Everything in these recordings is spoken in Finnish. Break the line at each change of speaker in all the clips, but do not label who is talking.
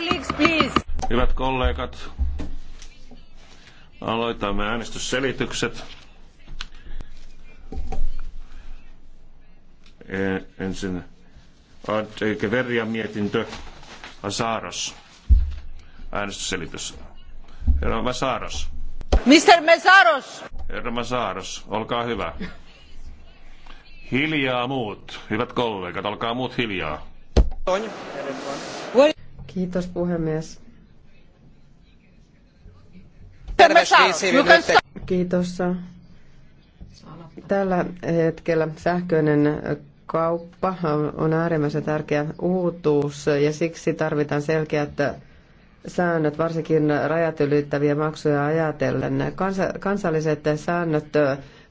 colleagues, please.
Hyvät kollegat, aloitamme äänestysselitykset. E, ensin e, Verjan mietintö, Asaros. Äänestysselitys. Herra Masaros.
Mr. Mesaros.
Herra Masaros, olkaa hyvä. Hiljaa muut, hyvät kollegat, olkaa muut hiljaa.
Kiitos puhemies. Kiitos. Tällä hetkellä sähköinen kauppa on äärimmäisen tärkeä uutuus ja siksi tarvitaan selkeät säännöt, varsinkin rajat ylittäviä maksuja ajatellen. Kansa- kansalliset säännöt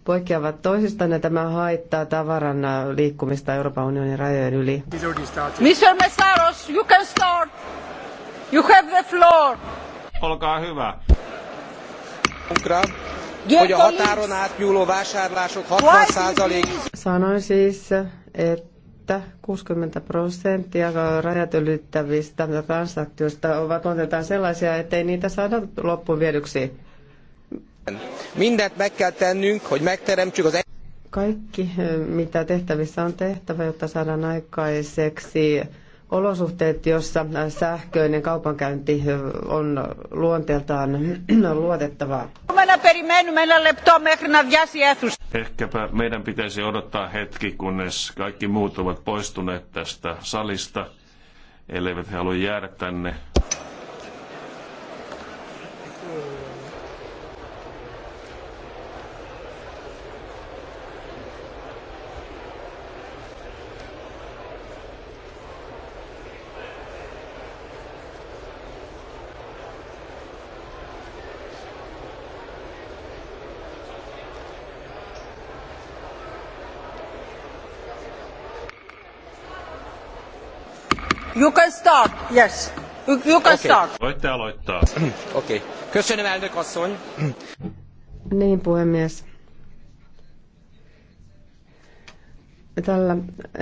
poikkeavat toisistaan ja tämä haittaa tavaran liikkumista Euroopan unionin rajojen yli.
Mr. Messaros, you can start. You have the floor.
Olkaa hyvä.
Hogy a határon
átnyúló vásárlások 60
Sanoin siis, että 60 prosenttia rajat ylittävistä transaktioista ovat luonteeltaan sellaisia, ettei niitä saada loppuviedyksi
Mindent meg kell tennünk, hogy megteremtsük az... E-
kaikki, mitä tehtävissä on tehtävä, jotta saadaan aikaiseksi olosuhteet, jossa sähköinen kaupankäynti on luonteeltaan luotettavaa.
Ehkäpä meidän pitäisi odottaa hetki, kunnes kaikki muut ovat poistuneet tästä salista, elleivät he halua jäädä tänne.
start, yes. You, you
can okay. start. Voitte aloittaa. Okei. Okay. Köszönöm, elnök asszony.
Niin, puhemies. Tällä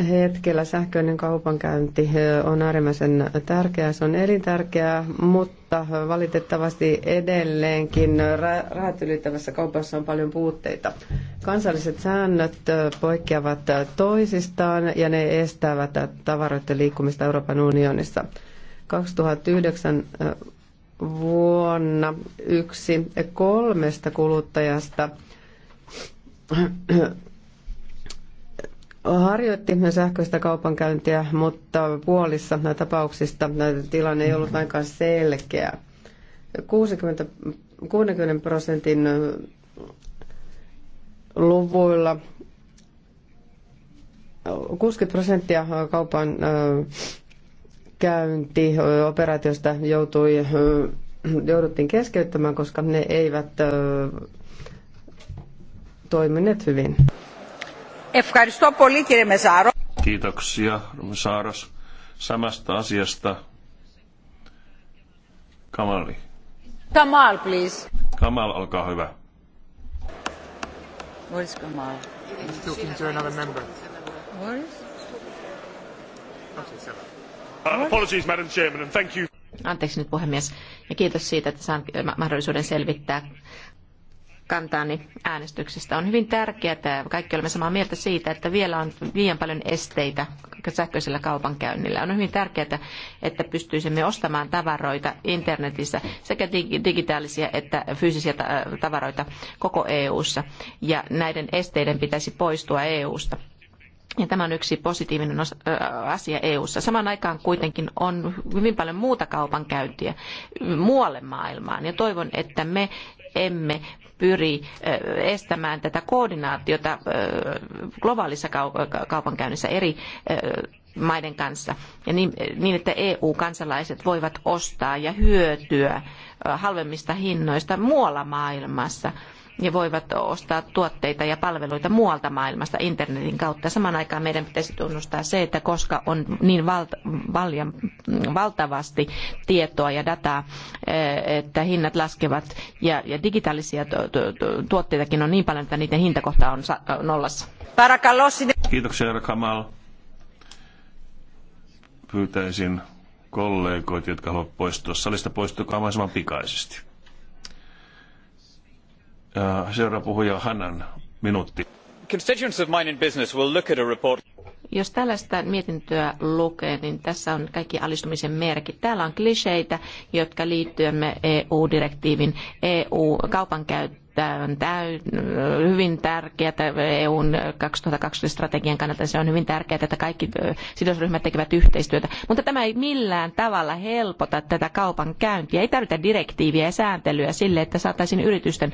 hetkellä sähköinen kaupankäynti on äärimmäisen tärkeää, se on elintärkeää, mutta valitettavasti edelleenkin rajat ylittävässä kaupassa on paljon puutteita. Kansalliset säännöt poikkeavat toisistaan ja ne estävät tavaroiden liikkumista Euroopan unionissa. 2009 vuonna yksi kolmesta kuluttajasta harjoitti sähköistä kaupankäyntiä, mutta puolissa tapauksista tilanne ei ollut ainakaan selkeä. 60, 60 prosentin luvuilla 60 prosenttia kaupan käynti operaatiosta joutui, jouduttiin keskeyttämään, koska ne eivät toimineet hyvin.
Ευχαριστώ πολύ κύριε Μεσάρο.
Kiitoksia, Saaros. Samasta asiasta. Kamali.
Kamal, please.
Kamal, olkaa hyvä. Where is Kamal?
He's talking to another member. Where
is?
Uh, apologies, Madam Chairman, and thank you.
Anteeksi nyt puhemies, ja kiitos siitä, että saan mahdollisuuden selvittää kantaani äänestyksestä. On hyvin tärkeää, että kaikki olemme samaa mieltä siitä, että vielä on liian paljon esteitä sähköisellä kaupankäynnillä. On hyvin tärkeää, että pystyisimme ostamaan tavaroita internetissä sekä digitaalisia että fyysisiä tavaroita koko EU-ssa. Ja näiden esteiden pitäisi poistua EU-sta. Ja tämä on yksi positiivinen asia EU:ssa. Samaan aikaan kuitenkin on hyvin paljon muuta kaupankäyntiä muualle maailmaan ja toivon, että me emme pyri estämään tätä koordinaatiota globaalissa kaupankäynnissä eri maiden kanssa ja niin, niin, että EU-kansalaiset voivat ostaa ja hyötyä halvemmista hinnoista muualla maailmassa ja voivat ostaa tuotteita ja palveluita muualta maailmasta internetin kautta. Samaan aikaan meidän pitäisi tunnustaa se, että koska on niin valtavasti tietoa ja dataa, eh, että hinnat laskevat ja, digitaalisia tuotteitakin on niin paljon, että niiden hintakohta on nollassa.
Kiitoksia, herra Kamal. Pyytäisin kollegoita, jotka haluavat poistua salista, poistukaa mahdollisimman pikaisesti. Äh, seuraava puhuja Hanan, minuutti. Constituents of mine in business will look at a report
jos tällaista mietintöä lukee, niin tässä on kaikki alistumisen merkit. Täällä on kliseitä, jotka liittyvät EU-direktiivin e EU-kaupankäyttöön Tämä on hyvin tärkeää EUn 2020 strategian kannalta. Se on hyvin tärkeää, että kaikki sidosryhmät tekevät yhteistyötä. Mutta tämä ei millään tavalla helpota tätä kaupan käyntiä. Ei tarvita direktiiviä ja sääntelyä sille, että saataisiin yritysten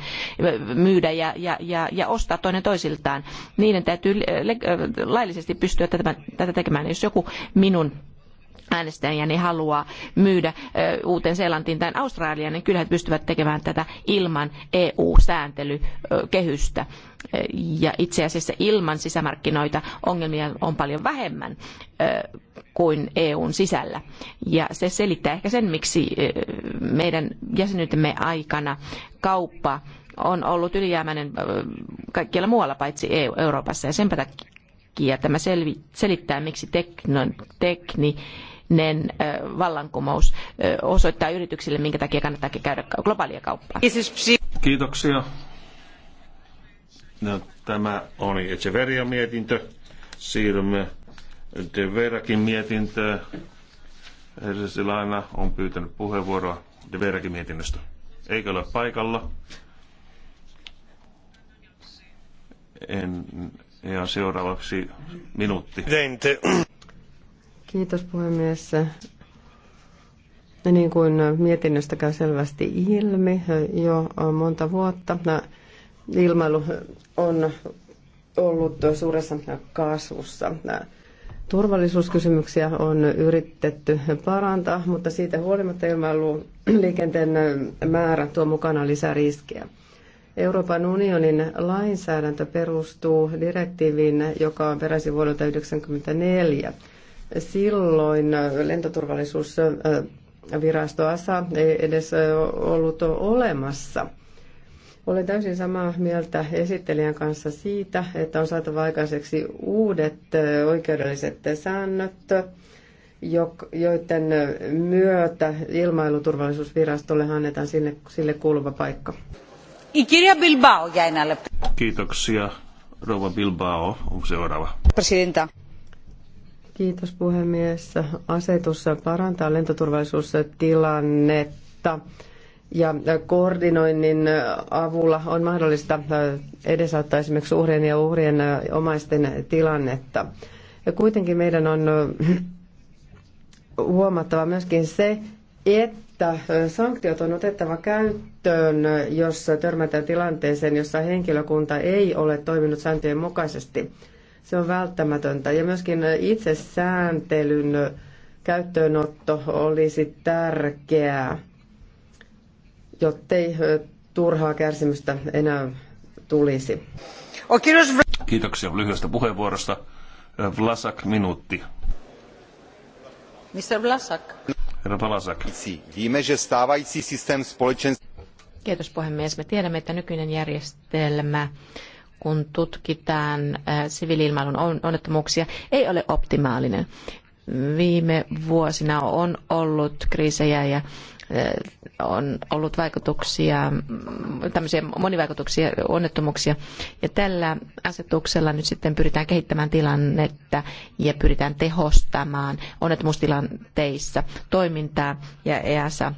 myydä ja, ja, ja, ja ostaa toinen toisiltaan. Niiden täytyy laillisesti pystyä tätä, tätä tekemään. Jos joku minun äänestäjäni haluaa myydä uuteen seelantiin tai Australiaan, niin kyllä he pystyvät tekemään tätä ilman EU-sääntelykehystä. Ja itse asiassa ilman sisämarkkinoita ongelmia on paljon vähemmän kuin EUn sisällä. Ja se selittää ehkä sen, miksi meidän jäsenyytemme aikana kauppa on ollut ylijäämäinen kaikkialla muualla paitsi EU Euroopassa. Ja sen takia tämä selittää, miksi tekno, tekni, globaalipoliittinen vallankumous osoittaa yrityksille, minkä takia kannattaa käydä globaalia kauppaa.
Kiitoksia. No, tämä oli Echeverian mietintö. Siirrymme De Verakin mietintöön. Herra on pyytänyt puheenvuoroa De Verakin mietinnöstä. Eikö ole paikalla? En, ja seuraavaksi minuutti. Presidente.
Kiitos puhemies. Niin kuin mietinnöstä käy selvästi ilmi, jo monta vuotta ilmailu on ollut suuressa kasvussa. Turvallisuuskysymyksiä on yritetty parantaa, mutta siitä huolimatta ilmailu liikenteen määrä tuo mukana lisää riskejä. Euroopan unionin lainsäädäntö perustuu direktiiviin, joka on peräisin vuodelta 1994 silloin lentoturvallisuusvirasto ASA ei edes ollut olemassa. Olen täysin samaa mieltä esittelijän kanssa siitä, että on saatava aikaiseksi uudet oikeudelliset säännöt, joiden myötä ilmailuturvallisuusvirastolle annetaan sille, sille kuuluva paikka.
Kiitoksia. Rouva Bilbao on seuraava.
Presidenta. Kiitos puhemies. Asetus parantaa lentoturvallisuustilannetta ja koordinoinnin avulla on mahdollista edesauttaa esimerkiksi uhrien ja uhrien omaisten tilannetta. Ja kuitenkin meidän on huomattava myöskin se, että sanktiot on otettava käyttöön, jos törmätään tilanteeseen, jossa henkilökunta ei ole toiminut sääntöjen mukaisesti. Se on välttämätöntä. Ja myöskin itsesääntelyn käyttöönotto olisi tärkeää, jottei turhaa kärsimystä enää tulisi.
Kiitoksia lyhyestä puheenvuorosta. Vlasak, minuutti.
Mr. Vlasak.
Herra Vlasak.
Kiitos puhemies. Me tiedämme, että nykyinen järjestelmä kun tutkitaan siviiliilmailun onnettomuuksia, ei ole optimaalinen. Viime vuosina on ollut kriisejä ja on ollut vaikutuksia, mm, tämmöisiä monivaikutuksia, onnettomuuksia. Ja tällä asetuksella nyt sitten pyritään kehittämään tilannetta ja pyritään tehostamaan onnettomuustilanteissa toimintaa ja EASA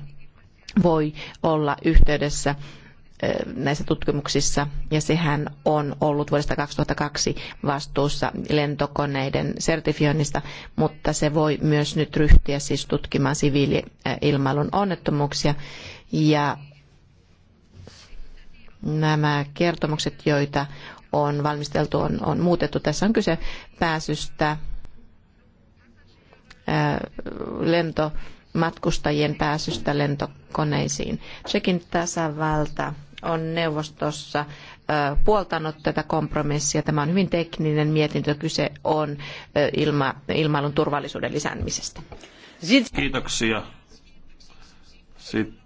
voi olla yhteydessä näissä tutkimuksissa, ja sehän on ollut vuodesta 2002 vastuussa lentokoneiden sertifioinnista, mutta se voi myös nyt ryhtyä siis tutkimaan siviiliilmailun onnettomuuksia, ja nämä kertomukset, joita on valmisteltu, on, on muutettu. Tässä on kyse pääsystä lentomatkustajien pääsystä lentokoneisiin. Tsekin tasavalta on neuvostossa puoltanut tätä kompromissia. Tämä on hyvin tekninen mietintö. Kyse on ilma, ilmailun turvallisuuden lisäämisestä.
Kiitoksia. Sitten.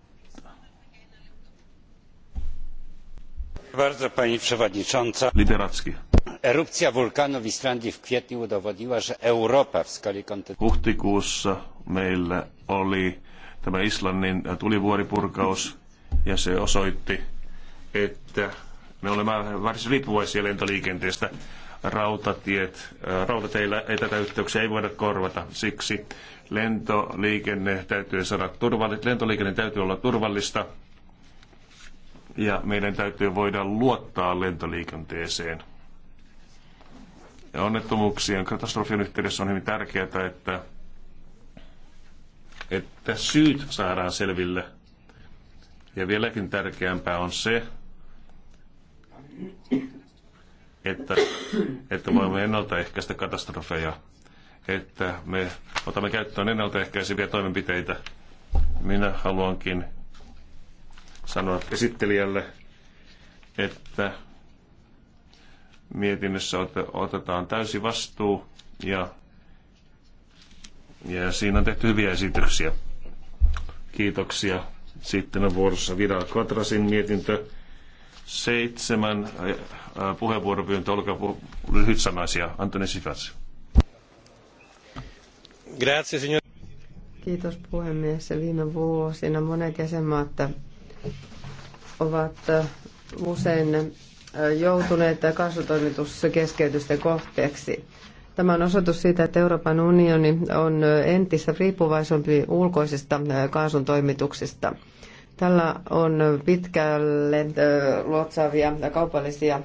erupcja wulkanu w islandii w kwietniu udowodniła że europa w skali kontynentu... huhtikuussa meillä oli tämä islannin tulivuoripurkaus ja se osoitti että me olemme varsin riippuvaisia lentoliikenteestä. Rautatiet, rautateillä yhteyksiä ei voida korvata. Siksi lentoliikenne täytyy saada turvallista, lentoliikenne täytyy olla turvallista ja meidän täytyy voida luottaa lentoliikenteeseen. Ja onnettomuuksien katastrofien yhteydessä on hyvin tärkeää, että, että syyt saadaan selville. Ja vieläkin tärkeämpää on se, että, että voimme ennaltaehkäistä katastrofeja, että me otamme käyttöön ennaltaehkäiseviä toimenpiteitä. Minä haluankin sanoa esittelijälle, että mietinnössä otetaan täysi vastuu ja, ja siinä on tehty hyviä esityksiä. Kiitoksia. Sitten on vuorossa Vidal Quatrasin mietintö Seitsemän äh, äh, puheenvuoropyyntö, olkaa lyhyt sanaisia. Antoni Sifas.
Kiitos puhemies. Viime vuosina monet jäsenmaat ovat äh, usein joutuneet kasvutoimituskeskeytysten kohteeksi. Tämä on osoitus siitä, että Euroopan unioni on entistä riippuvaisempi ulkoisista kaasun toimituksista. Tällä on pitkälle luotsaavia kaupallisia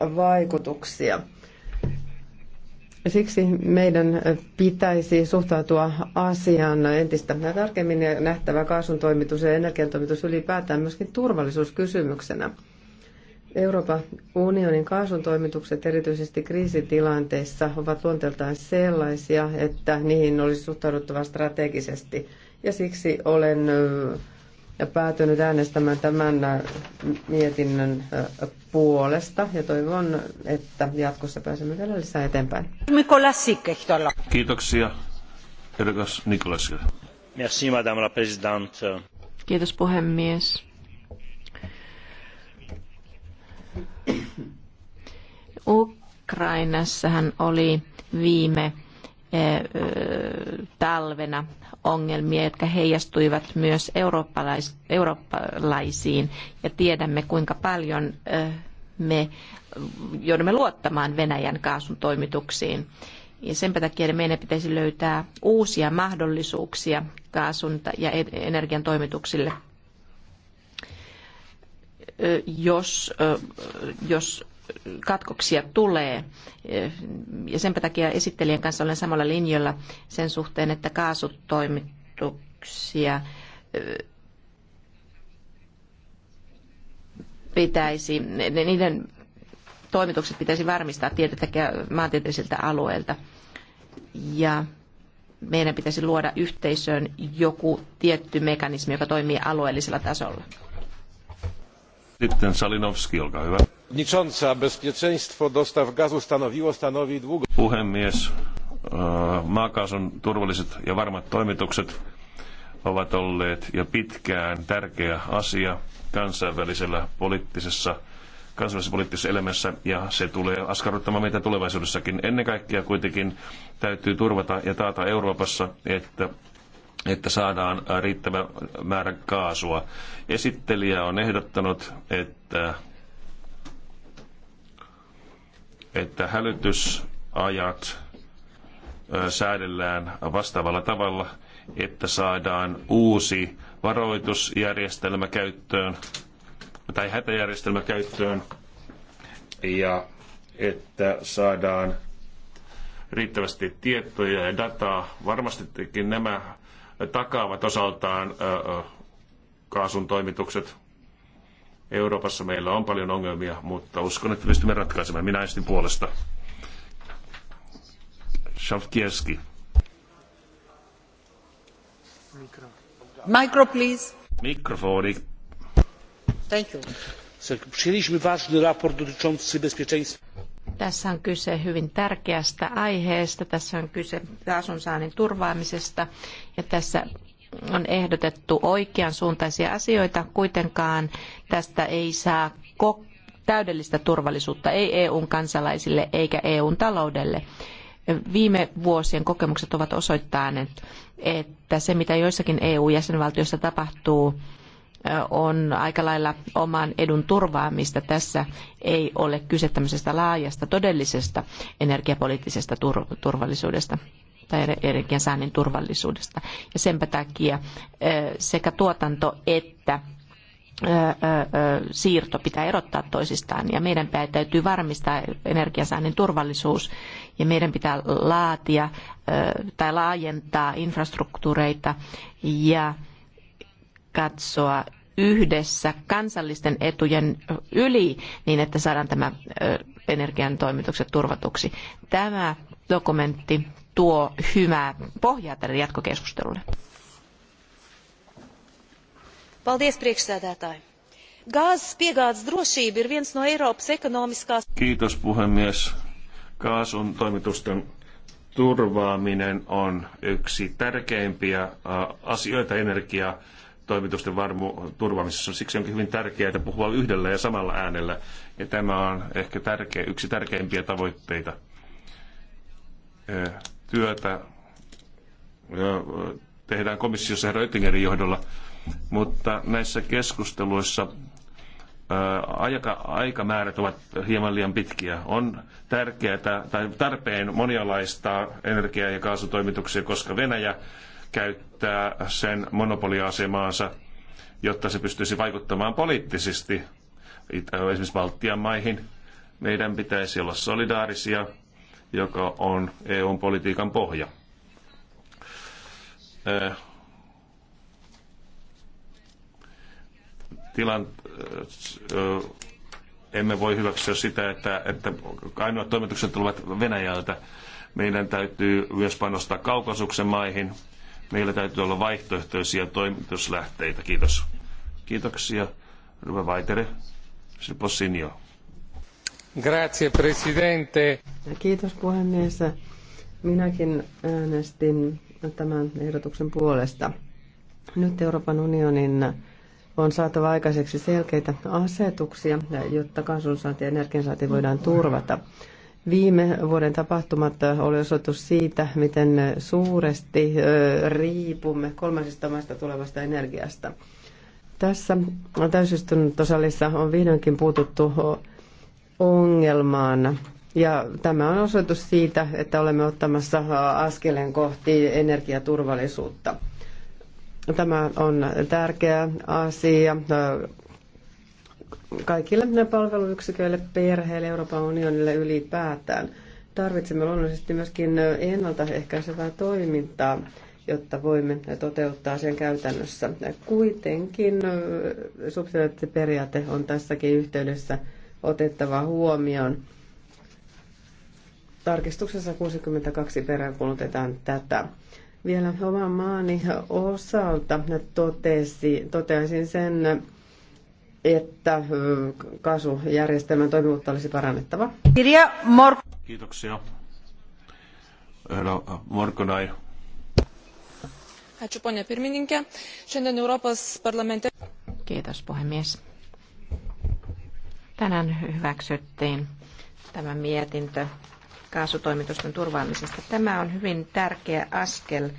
vaikutuksia. Siksi meidän pitäisi suhtautua asiaan entistä tarkemmin ja nähtävä kaasun toimitus ja energiantoimitus ylipäätään myöskin turvallisuuskysymyksenä. Euroopan unionin kaasun toimitukset erityisesti kriisitilanteissa ovat luonteeltaan sellaisia, että niihin olisi suhtauduttava strategisesti. Ja siksi olen ja päätynyt äänestämään tämän äh, mietinnön äh, puolesta ja toivon, että jatkossa pääsemme vielä lisää eteenpäin.
Kiitoksia. Edukas Nikolasille. Merci, madame la présidente.
Kiitos puhemies. Ukrainassahan oli viime eh, talvena ongelmia, jotka heijastuivat myös eurooppalais, eurooppalaisiin. Ja tiedämme, kuinka paljon me joudumme luottamaan Venäjän kaasun toimituksiin. Ja sen takia meidän pitäisi löytää uusia mahdollisuuksia kaasun ja e- energian toimituksille jos, jos katkoksia tulee. Ja sen takia esittelijän kanssa olen samalla linjalla sen suhteen, että kaasutoimituksia pitäisi, niiden toimitukset pitäisi varmistaa tietyiltä maantieteellisiltä alueelta. Ja meidän pitäisi luoda yhteisöön joku tietty mekanismi, joka toimii alueellisella tasolla.
Sitten Salinovski, olkaa hyvä. Puhemies, e, maakaasun turvalliset ja varmat toimitukset ovat olleet jo pitkään tärkeä asia kansainvälisellä poliittisessa kansallisessa poliittisessa elämässä ja se tulee askarruttamaan meitä tulevaisuudessakin. Ennen kaikkea kuitenkin täytyy turvata ja taata Euroopassa, että että saadaan riittävä määrä kaasua. Esittelijä on ehdottanut, että että hälytysajat säädellään vastaavalla tavalla, että saadaan uusi varoitusjärjestelmä käyttöön tai hätäjärjestelmä käyttöön ja että saadaan riittävästi tietoja ja dataa. Varmastikin nämä takaavat osaltaan kaasun toimitukset Euroopassa meillä on paljon ongelmia, mutta uskon, että pystymme ratkaisemaan. Minä äänestin puolesta. Shavkieski. Mikro. Mikro, please. Mikrofoni.
Thank you. Tässä on kyse hyvin tärkeästä aiheesta. Tässä on kyse asunsaannin turvaamisesta ja tässä on ehdotettu oikean suuntaisia asioita, kuitenkaan tästä ei saa täydellistä turvallisuutta, ei EUn kansalaisille eikä EUn taloudelle. Viime vuosien kokemukset ovat osoittaneet, että se mitä joissakin EU-jäsenvaltioissa tapahtuu, on aika lailla oman edun turvaamista. Tässä ei ole kyse tämmöisestä laajasta, todellisesta energiapoliittisesta turvallisuudesta tai energiansaannin turvallisuudesta. Ja sen takia sekä tuotanto että siirto pitää erottaa toisistaan ja meidän täytyy varmistaa energiansaannin turvallisuus ja meidän pitää laatia tai laajentaa infrastruktuureita ja katsoa yhdessä kansallisten etujen yli niin, että saadaan tämä energian toimitukset turvatuksi. Tämä dokumentti tuo hyvää pohjaa tälle jatkokeskustelulle. No
Kiitos, puhemies. Kaasun toimitusten turvaaminen on yksi tärkeimpiä äh, asioita energiaa toimitusten varmu turvaamisessa. Siksi onkin hyvin tärkeää että puhua yhdellä ja samalla äänellä. Ja tämä on ehkä tärkeä, yksi tärkeimpiä tavoitteita. Äh, työtä tehdään komissiossa herra Oettingerin johdolla, mutta näissä keskusteluissa aika, aikamäärät ovat hieman liian pitkiä. On tärkeää tai tarpeen monialaistaa energia- ja kaasutoimituksia, koska Venäjä käyttää sen monopoliasemaansa, jotta se pystyisi vaikuttamaan poliittisesti esimerkiksi Baltian maihin. Meidän pitäisi olla solidaarisia joka on EUn politiikan pohja. Eh, tilan, eh, emme voi hyväksyä sitä, että, että ainoat toimitukset tulevat Venäjältä. Meidän täytyy myös panostaa kaukasuksen maihin. Meillä täytyy olla vaihtoehtoisia toimituslähteitä. Kiitos. Kiitoksia. Ruva Vaitere. Sipo Sinio. Grazie, presidente.
Kiitos puhemies. Minäkin äänestin tämän ehdotuksen puolesta. Nyt Euroopan unionin on saatava aikaiseksi selkeitä asetuksia, jotta kansallisuusaanti ja energiansaanti voidaan turvata. Viime vuoden tapahtumat oli osoitus siitä, miten suuresti riipumme kolmansista maista tulevasta energiasta. Tässä täysistuntosalissa on vihdoinkin puututtu ongelmaan. Ja tämä on osoitus siitä, että olemme ottamassa askeleen kohti energiaturvallisuutta. Tämä on tärkeä asia kaikille palveluyksiköille, perheille, Euroopan unionille ylipäätään. Tarvitsemme luonnollisesti myöskin ennaltaehkäisevää toimintaa, jotta voimme toteuttaa sen käytännössä. Kuitenkin subsidiariteettiperiaate on tässäkin yhteydessä – otettava huomioon. Tarkistuksessa 62 peräänkuulutetaan tätä. Vielä oman maani osalta totesi, toteaisin sen, että kaasujärjestelmän toimivuutta olisi parannettava.
Kirja Mor-
Kiitoksia. Hello, Morkonai.
Kiitos, puhemies. Tänään hyväksyttiin tämä mietintö kaasutoimitusten turvaamisesta. Tämä on hyvin tärkeä askel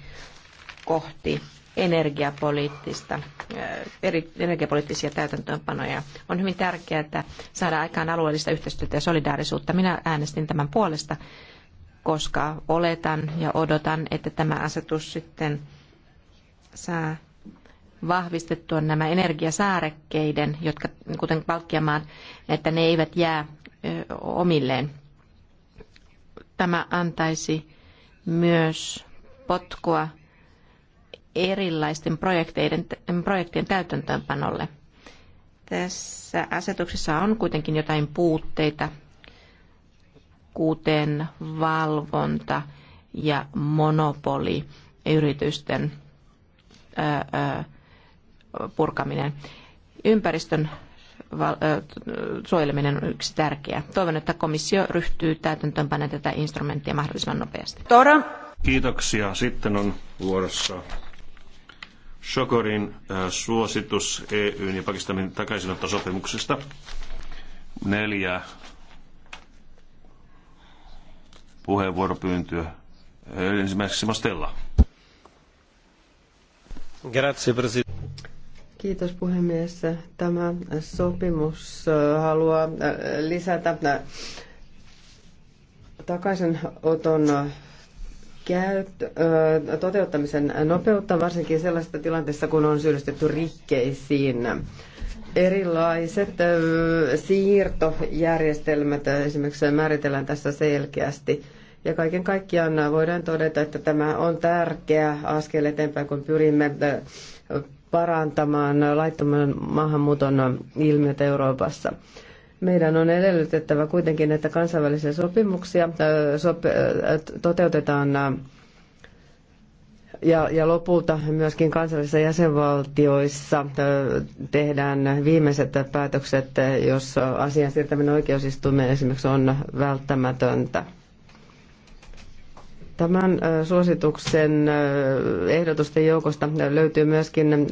kohti energiapoliittista, eri, energiapoliittisia täytäntöönpanoja. On hyvin tärkeää, että saadaan aikaan alueellista yhteistyötä ja solidaarisuutta. Minä äänestin tämän puolesta, koska oletan ja odotan, että tämä asetus sitten saa vahvistettua nämä energiasaarekkeiden, jotka, kuten Balkiamaan, että ne eivät jää omilleen. Tämä antaisi myös potkua erilaisten projekteiden, projektien täytäntöönpanolle. Tässä asetuksessa on kuitenkin jotain puutteita, kuten valvonta ja monopoli yritysten purkaminen. Ympäristön suojeleminen on yksi tärkeä. Toivon, että komissio ryhtyy täytäntöönpanemaan tätä instrumenttia mahdollisimman nopeasti.
Tora. Kiitoksia. Sitten on vuorossa Shokorin suositus EUn ja Pakistanin takaisinottosopimuksesta. Neljä puheenvuoropyyntöä. Ensimmäiseksi Mastella. Grazie,
Kiitos puhemies. Tämä sopimus äh, haluaa äh, lisätä äh, takaisinoton käyt, toteuttamisen nopeutta, varsinkin sellaisessa tilanteessa, kun on syyllistetty rikkeisiin. Erilaiset siirtojärjestelmät esimerkiksi määritellään tässä selkeästi. Ja kaiken kaikkiaan voidaan todeta, että tämä on tärkeä askel eteenpäin, kun pyrimme parantamaan laittoman maahanmuuton ilmiöt Euroopassa. Meidän on edellytettävä kuitenkin, että kansainvälisiä sopimuksia toteutetaan ja, ja lopulta myöskin kansallisissa jäsenvaltioissa tehdään viimeiset päätökset, jos asian siirtäminen oikeusistuimeen esimerkiksi on välttämätöntä. Tämän suosituksen ehdotusten joukosta löytyy myöskin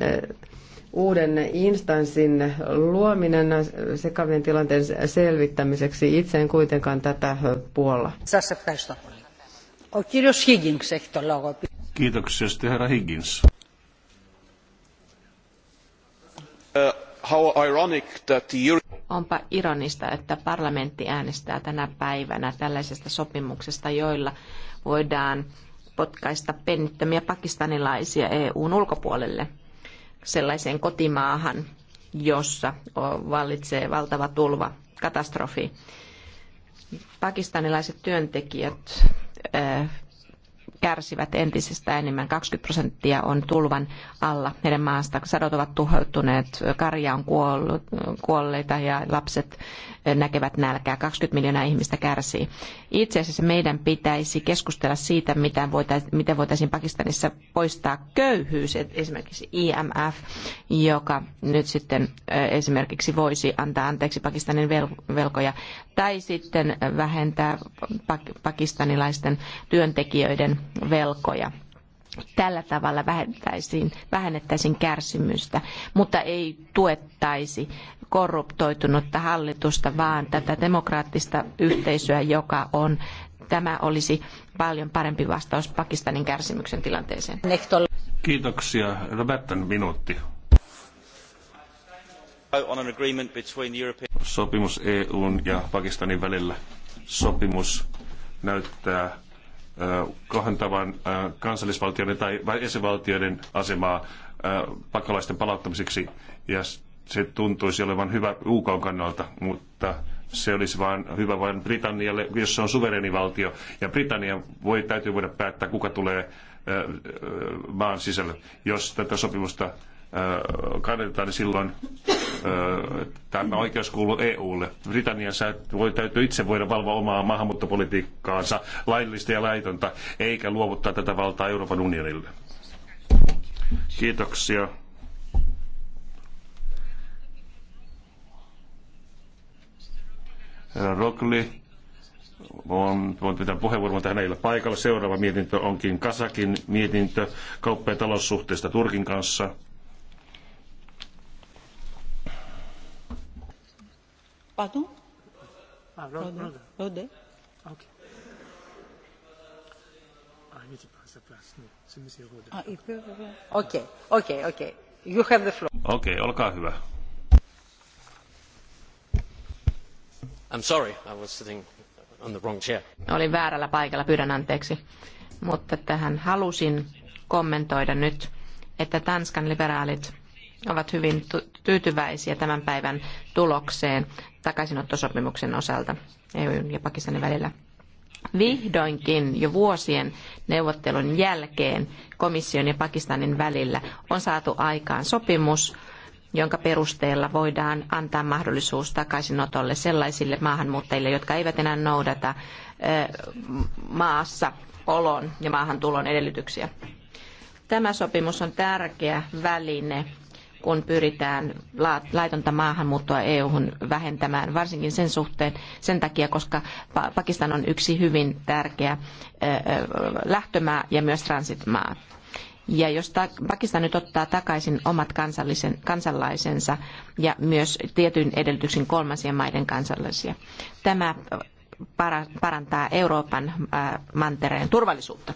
uuden instanssin luominen sekavien tilanteen selvittämiseksi. Itse en kuitenkaan tätä puolla.
Kiitoksia. herra Higgins.
Onpa ironista, että parlamentti äänestää tänä päivänä tällaisesta sopimuksesta, joilla voidaan potkaista pennittömiä pakistanilaisia EUn ulkopuolelle sellaiseen kotimaahan, jossa vallitsee valtava tulva, katastrofi. Pakistanilaiset työntekijät kärsivät entisestään enemmän. 20 prosenttia on tulvan alla heidän maasta. Sadot ovat tuhoutuneet, karja on kuollut, kuolleita ja lapset näkevät nälkää. 20 miljoonaa ihmistä kärsii. Itse asiassa meidän pitäisi keskustella siitä, miten voitaisiin, miten voitaisiin Pakistanissa poistaa köyhyys. Esimerkiksi IMF, joka nyt sitten esimerkiksi voisi antaa anteeksi Pakistanin velkoja, tai sitten vähentää pakistanilaisten työntekijöiden velkoja Tällä tavalla vähennettäisiin, vähennettäisiin kärsimystä, mutta ei tuettaisi korruptoitunutta hallitusta, vaan tätä demokraattista yhteisöä, joka on. Tämä olisi paljon parempi vastaus Pakistanin kärsimyksen tilanteeseen.
Kiitoksia. Robertan minuutti. Sopimus EUn ja Pakistanin välillä. Sopimus näyttää Kohentavan kansallisvaltioiden tai jäsenvaltioiden asemaa pakolaisten palauttamiseksi ja se tuntuisi olevan hyvä UK kannalta, mutta se olisi vain hyvä vain Britannialle, jos se on suvereni valtio. Ja Britannia voi, täytyy voida päättää, kuka tulee maan sisälle. Jos tätä sopimusta kannatetaan, niin silloin tämä oikeus kuuluu EUlle. Britanniassa voi, täytyy itse voida valvoa omaa maahanmuuttopolitiikkaansa laillista ja laitonta, eikä luovuttaa tätä valtaa Euroopan unionille. Kiitoksia. Rokli on, voin pitää puheenvuoron, tähän ei ole paikalla. Seuraava mietintö onkin Kasakin mietintö kauppa- ja taloussuhteista Turkin kanssa. Pardon? Ah, Lord, Lord. Lord. Lord. Okay. Ah, il n'était pas à sa place, non. C'est Roder. Ah, il peut. Ok,
ok, ok. You have
the floor.
Okei, okay, olkaa hyvä. I'm sorry, I was sitting on the wrong chair.
Olin väärällä paikalla, pyydän anteeksi. Mutta tähän halusin kommentoida nyt, että Tanskan liberaalit ovat hyvin tyytyväisiä tämän päivän tulokseen takaisinottosopimuksen osalta EUn ja Pakistanin välillä. Vihdoinkin jo vuosien neuvottelun jälkeen komission ja Pakistanin välillä on saatu aikaan sopimus, jonka perusteella voidaan antaa mahdollisuus takaisinotolle sellaisille maahanmuuttajille, jotka eivät enää noudata maassa olon ja maahantulon edellytyksiä. Tämä sopimus on tärkeä väline kun pyritään laitonta maahanmuuttoa EU-hun vähentämään, varsinkin sen suhteen, sen takia, koska Pakistan on yksi hyvin tärkeä lähtömaa ja myös transitmaa. Ja jos Pakistan nyt ottaa takaisin omat kansallisen, kansalaisensa ja myös tietyin edellytyksin kolmansien maiden kansalaisia, tämä parantaa Euroopan mantereen turvallisuutta.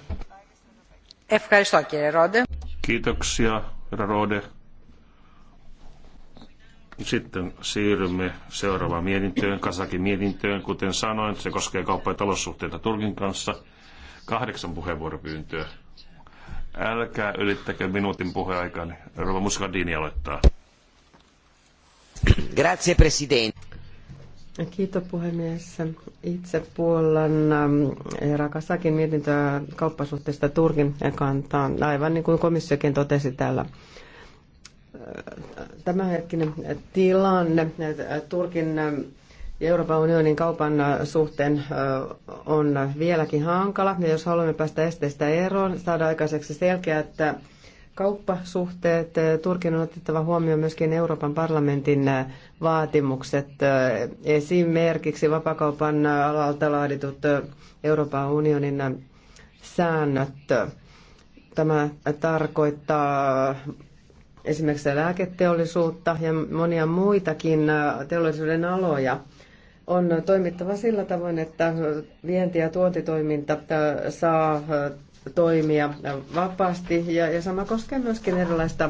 Kiitoksia, Rode. Sitten siirrymme seuraavaan mietintöön, Kasakin mietintöön. Kuten sanoin, se koskee kauppa- ja taloussuhteita Turkin kanssa. Kahdeksan puheenvuoropyyntöä. Älkää ylittäkö minuutin puheaikaan. Rova Muscardini aloittaa.
Grazie, Presidente. Kiitos
puhemies. Itse puollan ähm, rakastakin mietintöä kauppasuhteesta Turkin kantaan, aivan niin kuin komissiokin totesi täällä tämänhetkinen tilanne Turkin ja Euroopan unionin kaupan suhteen on vieläkin hankala. Ja jos haluamme päästä esteistä eroon, saada aikaiseksi että kauppasuhteet, Turkin on otettava huomioon myöskin Euroopan parlamentin vaatimukset. Esimerkiksi vapakaupan alalta laaditut Euroopan unionin säännöt. Tämä tarkoittaa esimerkiksi lääketeollisuutta ja monia muitakin äh, teollisuuden aloja, on toimittava sillä tavoin, että vienti- ja tuontitoiminta äh, saa äh, toimia vapaasti ja, ja sama koskee myöskin erilaista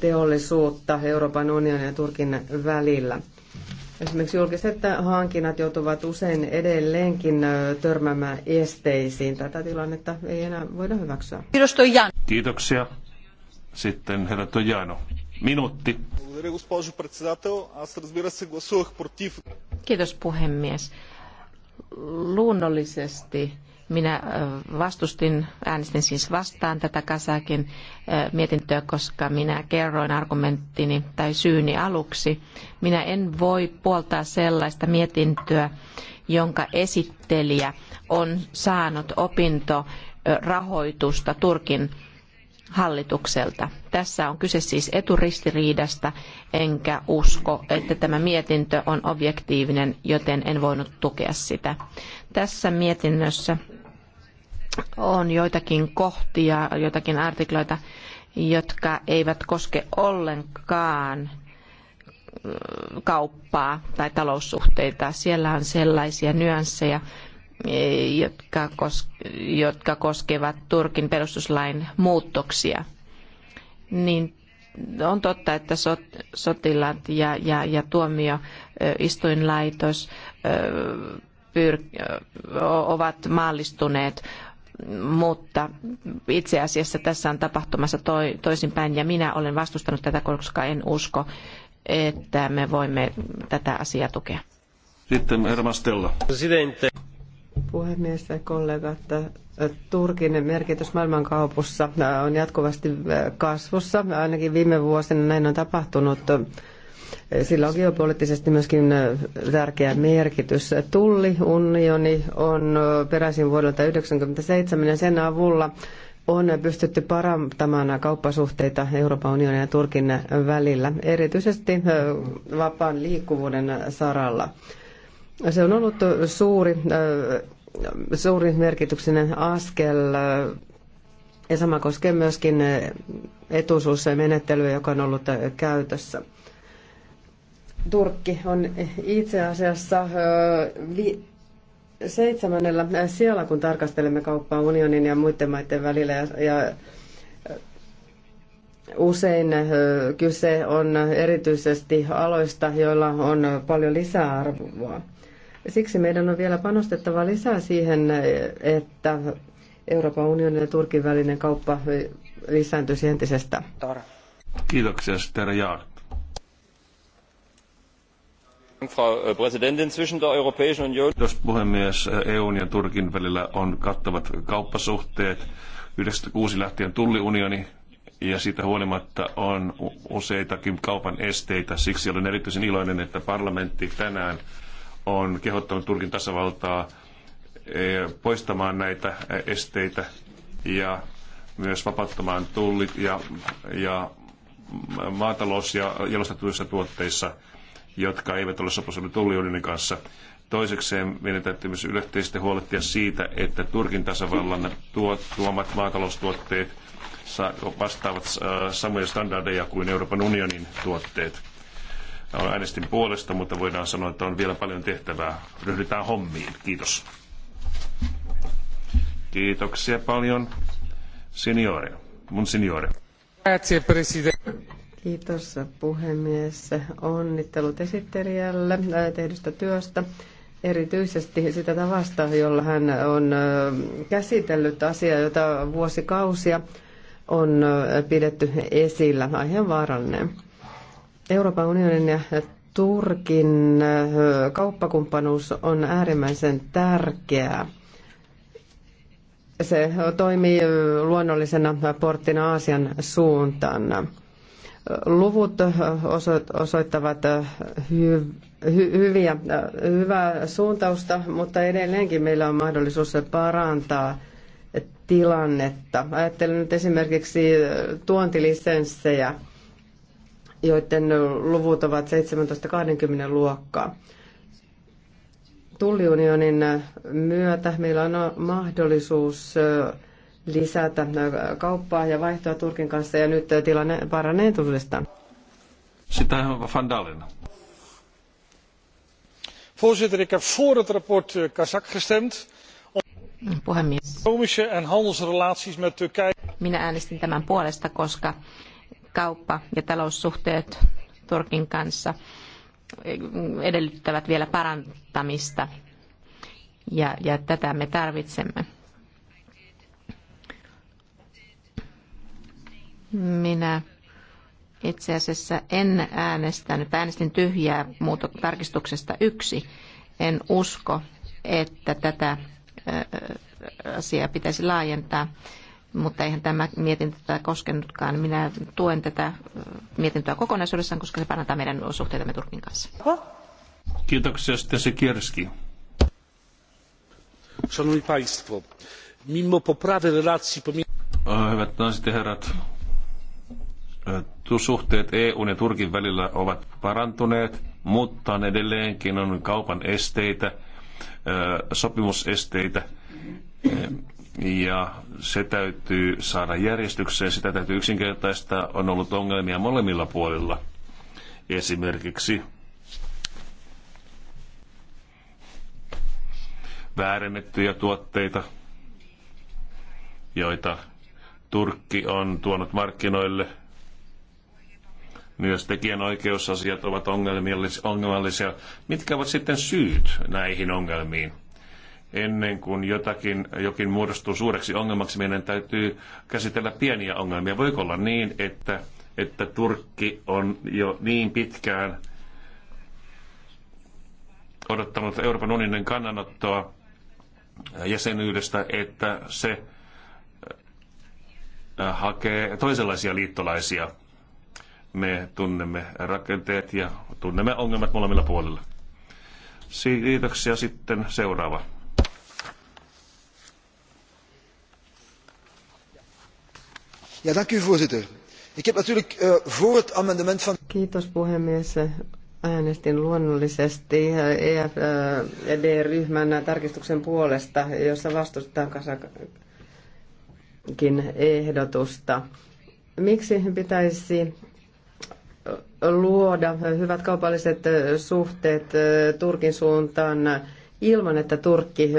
teollisuutta Euroopan unionin ja Turkin välillä. Esimerkiksi julkiset hankinnat joutuvat usein edelleenkin törmäämään esteisiin. Tätä tilannetta ei enää voida hyväksyä.
Kiitoksia. Sitten herra Tojano. Minuutti.
Kiitos puhemies. Luonnollisesti minä э, vastustin, äänestin siis vastaan tätä Kasakin э, mietintöä, koska minä kerroin argumenttini tai syyni aluksi. Minä en voi puoltaa sellaista mietintöä, jonka esittelijä on saanut opintorahoitusta Turkin hallitukselta. Tässä on kyse siis eturistiriidasta, enkä usko, että tämä mietintö on objektiivinen, joten en voinut tukea sitä. Tässä mietinnössä on joitakin kohtia, joitakin artikloita, jotka eivät koske ollenkaan äh, kauppaa tai taloussuhteita. Siellä on sellaisia nyansseja, jotka, jotka koskevat Turkin perustuslain muutoksia, niin on totta, että sot, sotilaat ja, ja, ja tuomioistuinlaitos ovat maallistuneet, mutta itse asiassa tässä on tapahtumassa toi, toisinpäin ja minä olen vastustanut tätä, koska en usko, että me voimme tätä asiaa tukea.
Sitten herra Mastella
puhemies ja kollegat. Äh, Turkin
merkitys maailmankaupussa äh, on jatkuvasti äh, kasvussa. Ainakin viime vuosina näin on tapahtunut. Sillä on geopoliittisesti myöskin tärkeä merkitys. Tulliunioni on peräisin vuodelta 1997 ja sen avulla on pystytty parantamaan kauppasuhteita Euroopan unionin ja Turkin välillä, erityisesti vapaan liikkuvuuden saralla. Se on ollut suuri, äh, suuri merkityksinen askel äh, ja sama koskee myöskin äh, etuisuusmenettelyä, joka on ollut käytössä. Turkki on itse asiassa vi- seitsemännellä siellä, kun tarkastelemme kauppaa unionin ja muiden maiden välillä. Ja, ja usein kyse on erityisesti aloista, joilla on paljon lisäarvoa. Siksi meidän on vielä panostettava lisää siihen, että Euroopan unionin ja Turkin välinen kauppa lisääntyisi entisestä.
Kiitoksia, Ster Jaak. Frau äh, Kiitos puhemies. EUn ja Turkin välillä on kattavat kauppasuhteet. 96 lähtien tulliunioni ja siitä huolimatta on useitakin kaupan esteitä. Siksi olen erityisen iloinen, että parlamentti tänään on kehottanut Turkin tasavaltaa eh, poistamaan näitä eh, esteitä ja myös vapauttamaan tullit ja, ja maatalous- ja jalostetuissa tuotteissa, jotka eivät ole sopusoinut tulliunionin kanssa. Toisekseen meidän täytyy myös yleisesti huolehtia siitä, että Turkin tasavallan tuot, tuomat maataloustuotteet vastaavat eh, samoja standardeja kuin Euroopan unionin tuotteet. Äänestin puolesta, mutta voidaan sanoa, että on vielä paljon tehtävää. Ryhdytään hommiin. Kiitos. Kiitoksia paljon, signore, mun signore. Kiitos
puhemies. Onnittelut esittelijälle äh, tehdystä työstä. Erityisesti sitä tavasta, jolla hän on äh, käsitellyt asiaa, jota vuosikausia on äh, pidetty esillä. Aihe on vaarallinen. Euroopan unionin ja Turkin eh, kauppakumppanuus on äärimmäisen tärkeää. Se toimii luonnollisena porttina Aasian suuntaan. Luvut osoittavat eh, hyviä, eh, hyvää suuntausta, mutta edelleenkin meillä on mahdollisuus parantaa tilannetta. Ajattelen nyt esimerkiksi tuontilisenssejä – joiden luvut ovat 17-20 luokkaa. Tulliunionin myötä meillä on mahdollisuus lisätä kauppaa ja vaihtoa Turkin kanssa ja nyt tilanne paranee entuudestaan.
Sitä Van Dalen. Voorzitter, ik heb voor het rapport eh, Kazak gestemd. Puhemies. Economische en handelsrelaties met Turkije.
Minä äänestin tämän puolesta, koska kauppa- ja taloussuhteet Turkin kanssa edellyttävät vielä parantamista ja, ja tätä me tarvitsemme. Minä itse asiassa en äänestänyt, äänestin tyhjää muuto, tarkistuksesta yksi. En usko, että tätä asiaa pitäisi laajentaa mutta eihän tämä mietintö tätä koskenutkaan. Minä tuen tätä mietintöä kokonaisuudessaan, koska se parantaa meidän suhteitamme Turkin kanssa.
Kiitoksia. Sitten Sikierski. Szanowni Państwo, mimo poprawy relacji pomiędzy... Hyvät naiset ja herrat, suhteet EUn ja Turkin välillä ovat parantuneet, mutta on edelleenkin on kaupan esteitä, sopimusesteitä ja se täytyy saada järjestykseen, sitä täytyy yksinkertaistaa. On ollut ongelmia molemmilla puolilla. Esimerkiksi väärennettyjä tuotteita, joita Turkki on tuonut markkinoille. Myös tekijänoikeusasiat ovat ongelmallisia. Mitkä ovat sitten syyt näihin ongelmiin? ennen kuin jotakin, jokin muodostuu suureksi ongelmaksi, meidän täytyy käsitellä pieniä ongelmia. Voiko olla niin, että, että Turkki on jo niin pitkään odottanut Euroopan unionin kannanottoa jäsenyydestä, että se äh, hakee toisenlaisia liittolaisia. Me tunnemme rakenteet ja tunnemme ongelmat molemmilla puolilla. Kiitoksia sitten seuraava
Kiitos puhemies. Äänestin luonnollisesti EFD-ryhmän eh, e eh, e tarkistuksen puolesta, jossa vastustetaan Kasakin ehdotusta. Miksi pitäisi eh, luoda hyvät kaupalliset suhteet Turkin suuntaan ilman, että Turkki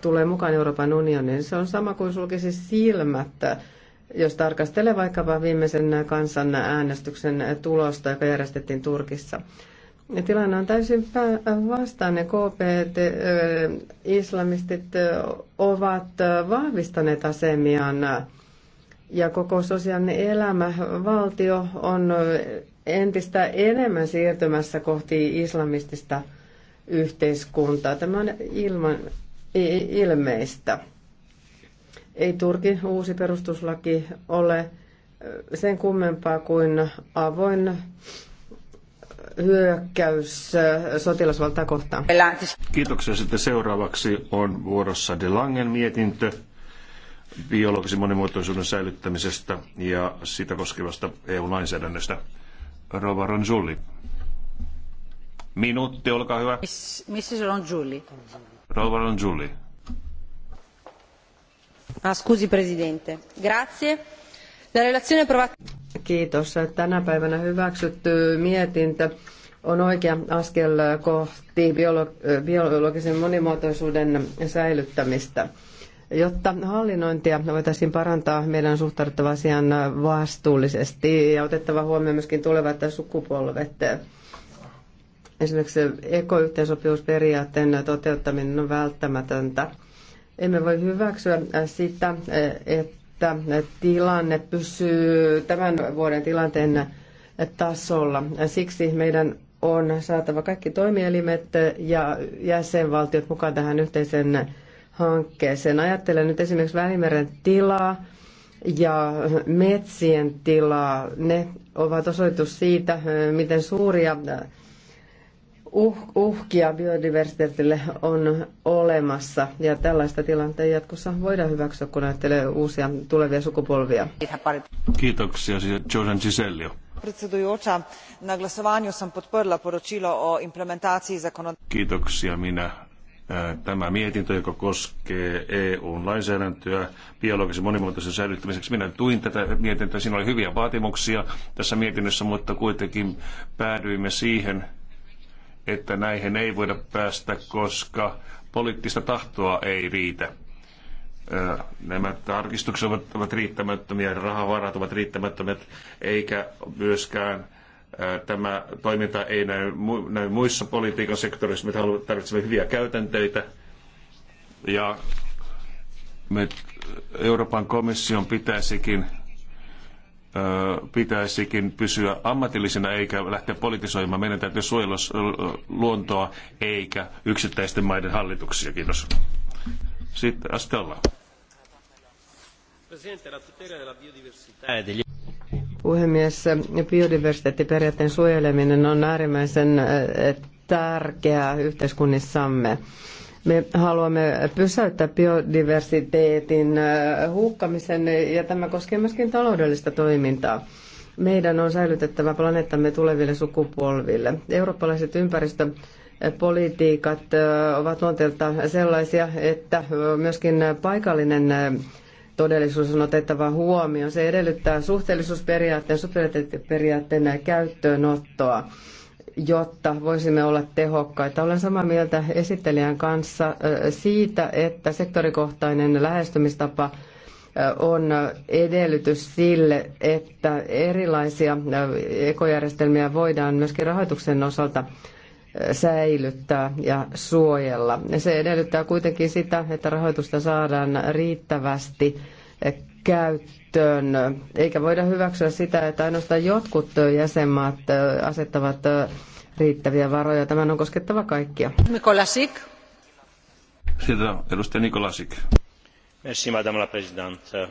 tulee mukaan Euroopan unioniin? Se on sama kuin sulkisi silmät jos tarkastelee vaikkapa viimeisen kansan äänestyksen tulosta, joka järjestettiin Turkissa, tilanne on täysin vastaan. Ne KPT, islamistit ovat vahvistaneet asemiaan ja koko sosiaalinen elämä, valtio on entistä enemmän siirtymässä kohti islamistista yhteiskuntaa. Tämä on ilman, ilmeistä. Ei Turkin uusi perustuslaki ole sen kummempaa kuin avoin hyökkäys sotilasvaltaa kohtaan.
Kiitoksia. Sitten seuraavaksi on vuorossa De Langen mietintö biologisen monimuotoisuuden säilyttämisestä ja sitä koskevasta EU-lainsäädännöstä. Rova Ronjulli. Minuutti, olkaa hyvä.
Mrs. Julli?
Rova Ronjulli.
Ah, La relazione approvata... Tänä päivänä hyväksytty mietintö on oikea askel kohti biologisen monimuotoisuuden säilyttämistä. Jotta hallinnointia voitaisiin parantaa, meidän on suhtauduttava asiaan vastuullisesti ja otettava huomioon myöskin tulevat sukupolvet. Esimerkiksi ekoyhteensopivuusperiaatteen toteuttaminen on välttämätöntä emme voi hyväksyä sitä, että tilanne pysyy tämän vuoden tilanteen tasolla. Siksi meidän on saatava kaikki toimielimet ja jäsenvaltiot mukaan tähän yhteisen hankkeeseen. Ajattelen nyt esimerkiksi Välimeren tilaa ja metsien tilaa. Ne ovat osoitus siitä, miten suuria uh, uhkia biodiversiteetille on olemassa ja tällaista tilanteen jatkossa voidaan hyväksyä, kun ajattelee uusia tulevia sukupolvia.
Kiitoksia, Jordan Gisellio. o Kiitoksia minä. Tämä mietintö, joka koskee EUn lainsäädäntöä biologisen monimuotoisen säilyttämiseksi. Minä tuin tätä mietintöä. Siinä oli hyviä vaatimuksia tässä mietinnössä, mutta kuitenkin päädyimme siihen, että näihin ei voida päästä, koska poliittista tahtoa ei riitä. Nämä tarkistukset ovat riittämättömiä, rahavarat ovat riittämättömät, eikä myöskään tämä toiminta ei näy, näy muissa politiikan sektoreissa. Me tarvitsemme hyviä käytänteitä ja me Euroopan komission pitäisikin pitäisikin pysyä ammatillisena eikä lähteä politisoimaan. Meidän täytyy suojella luontoa eikä yksittäisten maiden hallituksia. Kiitos. Sitten Astella. E
Puhemies, biodiversiteettiperiaatteen suojeleminen on äärimmäisen tärkeää yhteiskunnissamme. Me haluamme pysäyttää biodiversiteetin hukkamisen äh, ja tämä koskee myöskin taloudellista toimintaa. Meidän on säilytettävä planeettamme tuleville sukupolville. Eurooppalaiset ympäristö politiikat äh, ovat luonteelta sellaisia, että äh, myöskin paikallinen todellisuus on otettava huomioon. Se edellyttää suhteellisuusperiaatteen, subsidiariteettiperiaatteen käyttöönottoa jotta voisimme olla tehokkaita. Olen samaa mieltä esittelijän kanssa siitä, että sektorikohtainen lähestymistapa on edellytys sille, että erilaisia ekojärjestelmiä voidaan myöskin rahoituksen osalta säilyttää ja suojella. Se edellyttää kuitenkin sitä, että rahoitusta saadaan riittävästi käyttöön käyttöön, eikä voida hyväksyä sitä, että ainoastaan jotkut jäsenmaat asettavat riittäviä varoja. Tämän on koskettava kaikkia.
Mikolasik.
Sitä edustaja Nikolasik. Merci, madame la présidente.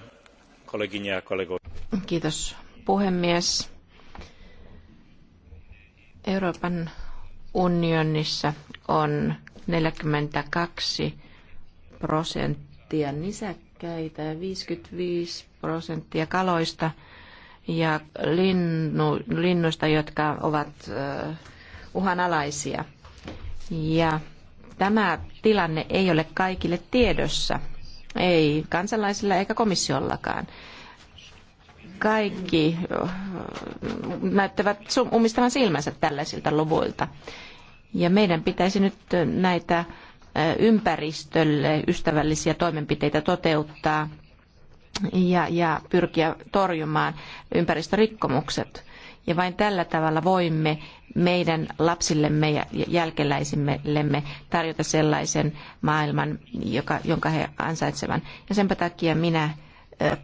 Kolleginia kollego.
Kiitos, puhemies. Euroopan unionissa on 42 prosenttia nisäkkäitä ja 55 prosenttia kaloista ja linnu, linnuista, jotka ovat uhanalaisia. Ja tämä tilanne ei ole kaikille tiedossa, ei kansalaisilla eikä komissiollakaan. Kaikki näyttävät umistavan silmänsä tällaisilta luvuilta. Ja meidän pitäisi nyt näitä ympäristölle ystävällisiä toimenpiteitä toteuttaa ja, ja pyrkiä torjumaan ympäristörikkomukset. Ja vain tällä tavalla voimme meidän lapsillemme ja jälkeläisillemme tarjota sellaisen maailman, joka, jonka he ansaitsevat. Ja senpä takia minä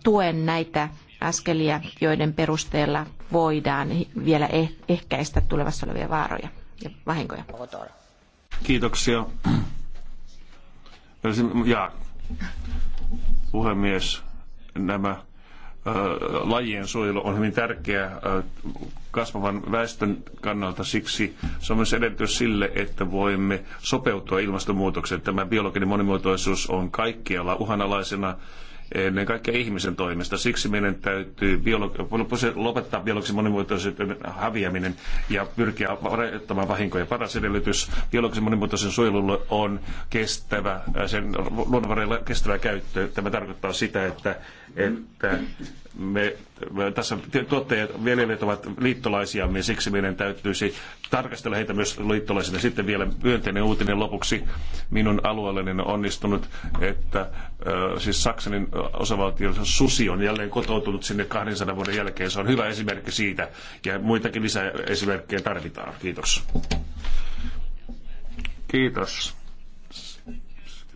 tuen näitä askelia, joiden perusteella voidaan vielä eh-, ehkäistä tulevassa olevia vaaroja ja vahinkoja.
Kiitoksia. Ja puhemies, nämä lajien suojelu on hyvin tärkeä kasvavan väestön kannalta. Siksi se on myös edellytys sille, että voimme sopeutua ilmastonmuutokseen. Tämä biologinen monimuotoisuus on kaikkialla uhanalaisena ennen kaikkea ihmisen toimesta. Siksi meidän täytyy biologi- lopettaa biologisen monimuotoisuuden häviäminen ja pyrkiä rajoittamaan vahinkoja. Paras edellytys biologisen monimuotoisen suojelulle on kestävä, äh, sen luonnonvarojen kestävä käyttö. Tämä tarkoittaa sitä, että, että me tässä tuottajat, viljelijät ovat liittolaisiamme, niin siksi meidän täytyisi tarkastella heitä myös liittolaisina. Sitten vielä myönteinen uutinen lopuksi. Minun alueelleni on onnistunut, että siis Saksanin osavaltiossa susi on jälleen kotoutunut sinne 200 vuoden jälkeen. Se on hyvä esimerkki siitä ja muitakin lisää esimerkkejä tarvitaan. Kiitos. Kiitos.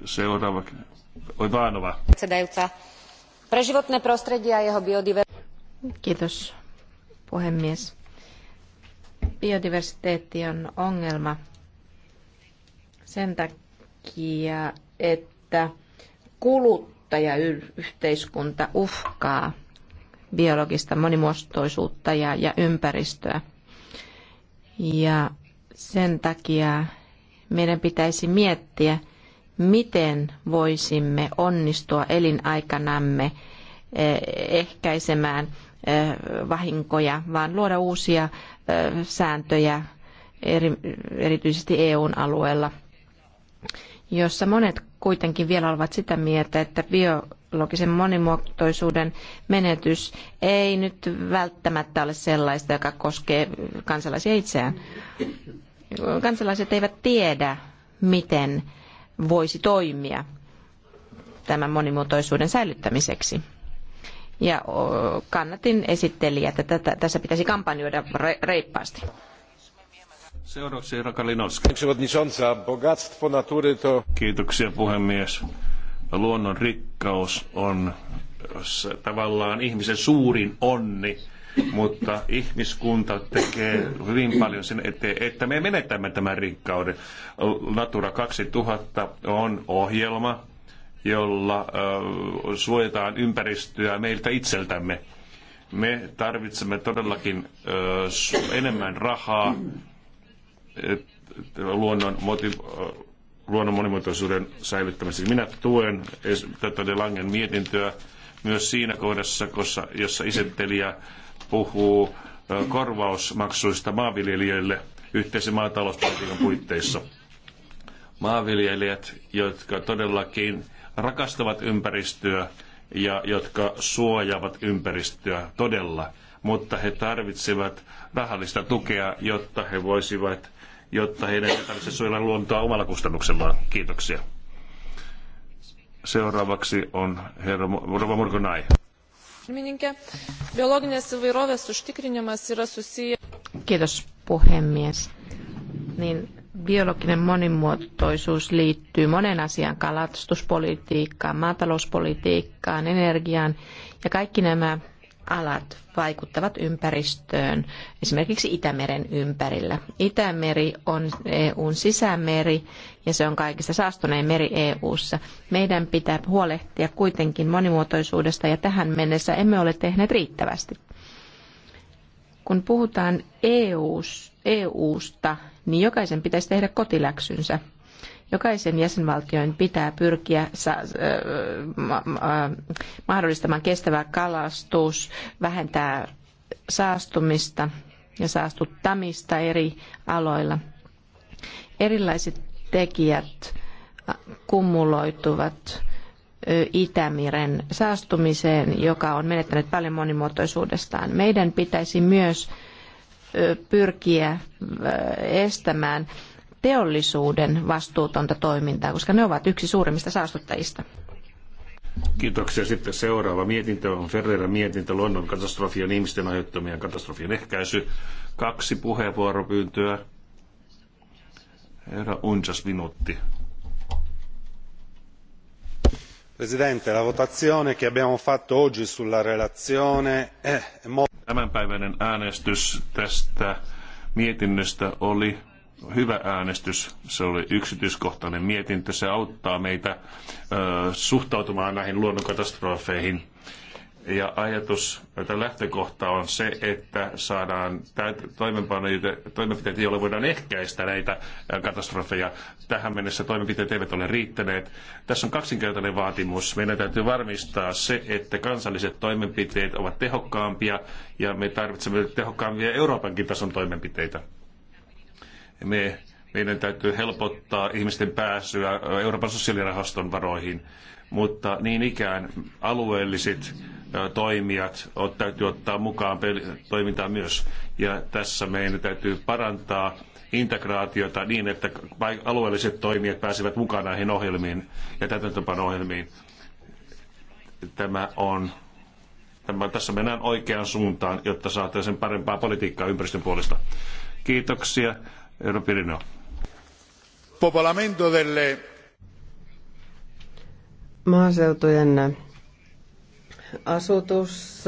Seuraava. Oj Vaanova.
Pre životné prostredie a jeho biodiverzita Kiitos puhemies. Biodiversiteetti on ongelma sen takia, että kuluttajayhteiskunta uhkaa biologista monimuotoisuutta ja, ja ympäristöä. Ja sen takia meidän pitäisi miettiä, miten voisimme onnistua elinaikanamme eh, ehkäisemään vahinkoja, vaan luoda uusia sääntöjä erityisesti EUn alueella, jossa monet kuitenkin vielä ovat sitä mieltä, että biologisen monimuotoisuuden menetys ei nyt välttämättä ole sellaista, joka koskee kansalaisia itseään. Kansalaiset eivät tiedä, miten voisi toimia tämän monimuotoisuuden säilyttämiseksi ja kannatin esittelijä, että tässä pitäisi kampanjoida reippaasti.
Seuraavaksi Rakalinowski. Kiitoksia puhemies. Luonnon rikkaus on tavallaan ihmisen suurin onni, mutta ihmiskunta tekee hyvin paljon sen eteen, että me menetämme tämän rikkauden. Natura 2000 on ohjelma, jolla suojataan ympäristöä meiltä itseltämme. Me tarvitsemme todellakin enemmän rahaa luonnon, luonnon monimuotoisuuden säilyttämiseksi. Minä tuen tätä De Langen mietintöä myös siinä kohdassa, jossa isettelijä puhuu korvausmaksuista maanviljelijöille yhteisen maatalouspolitiikan puitteissa. Maanviljelijät, jotka todellakin rakastavat ympäristöä ja jotka suojaavat ympäristöä todella, mutta he tarvitsevat rahallista tukea, jotta he voisivat, jotta heidän ei tarvitse suojella luontoa omalla kustannuksellaan. Kiitoksia. Seuraavaksi on herra Rova Murkonai.
Kiitos puhemies. Niin biologinen monimuotoisuus liittyy monen asian kalastuspolitiikkaan, maatalouspolitiikkaan, energiaan ja kaikki nämä alat vaikuttavat ympäristöön, esimerkiksi Itämeren ympärillä. Itämeri on EUn sisämeri ja se on kaikista saastunein meri EUssa. Meidän pitää huolehtia kuitenkin monimuotoisuudesta ja tähän mennessä emme ole tehneet riittävästi. Kun puhutaan EUsta, niin jokaisen pitäisi tehdä kotiläksynsä. Jokaisen jäsenvaltion pitää pyrkiä mahdollistamaan kestävä kalastus, vähentää saastumista ja saastuttamista eri aloilla. Erilaiset tekijät kumuloituvat Itämeren saastumiseen, joka on menettänyt paljon monimuotoisuudestaan. Meidän pitäisi myös pyrkiä estämään teollisuuden vastuutonta toimintaa, koska ne ovat yksi suurimmista saastuttajista.
Kiitoksia. Sitten seuraava mietintö on Ferreira mietintö luonnon katastrofien ihmisten aiheuttamien katastrofien ehkäisy. Kaksi puheenvuoropyyntöä. Herra Unjas, minuutti presidente la votazione che abbiamo fatto oggi sulla relazione è molto. tämänpäiväinen äänestys tästä mietinnöstä oli hyvä äänestys. Se oli yksityiskohtainen mietintö. Se auttaa meitä ö, suhtautumaan näihin luonnonkatastrofeihin ja ajatus, että lähtökohta on se, että saadaan toimenpiteet, joilla voidaan ehkäistä näitä katastrofeja. Tähän mennessä toimenpiteet eivät ole riittäneet. Tässä on kaksinkertainen vaatimus. Meidän täytyy varmistaa se, että kansalliset toimenpiteet ovat tehokkaampia ja me tarvitsemme tehokkaampia Euroopankin tason toimenpiteitä. Me, meidän täytyy helpottaa ihmisten pääsyä Euroopan sosiaalirahaston varoihin mutta niin ikään alueelliset toimijat täytyy ottaa mukaan toimintaa myös. Ja tässä meidän täytyy parantaa integraatiota niin, että alueelliset toimijat pääsevät mukaan näihin ohjelmiin ja täytäntöpano-ohjelmiin. Tämä on, tämä, tässä mennään oikeaan suuntaan, jotta saataisiin parempaa politiikkaa ympäristön puolesta. Kiitoksia, Euro Pirino. Popolamento delle
maaseutujen asutus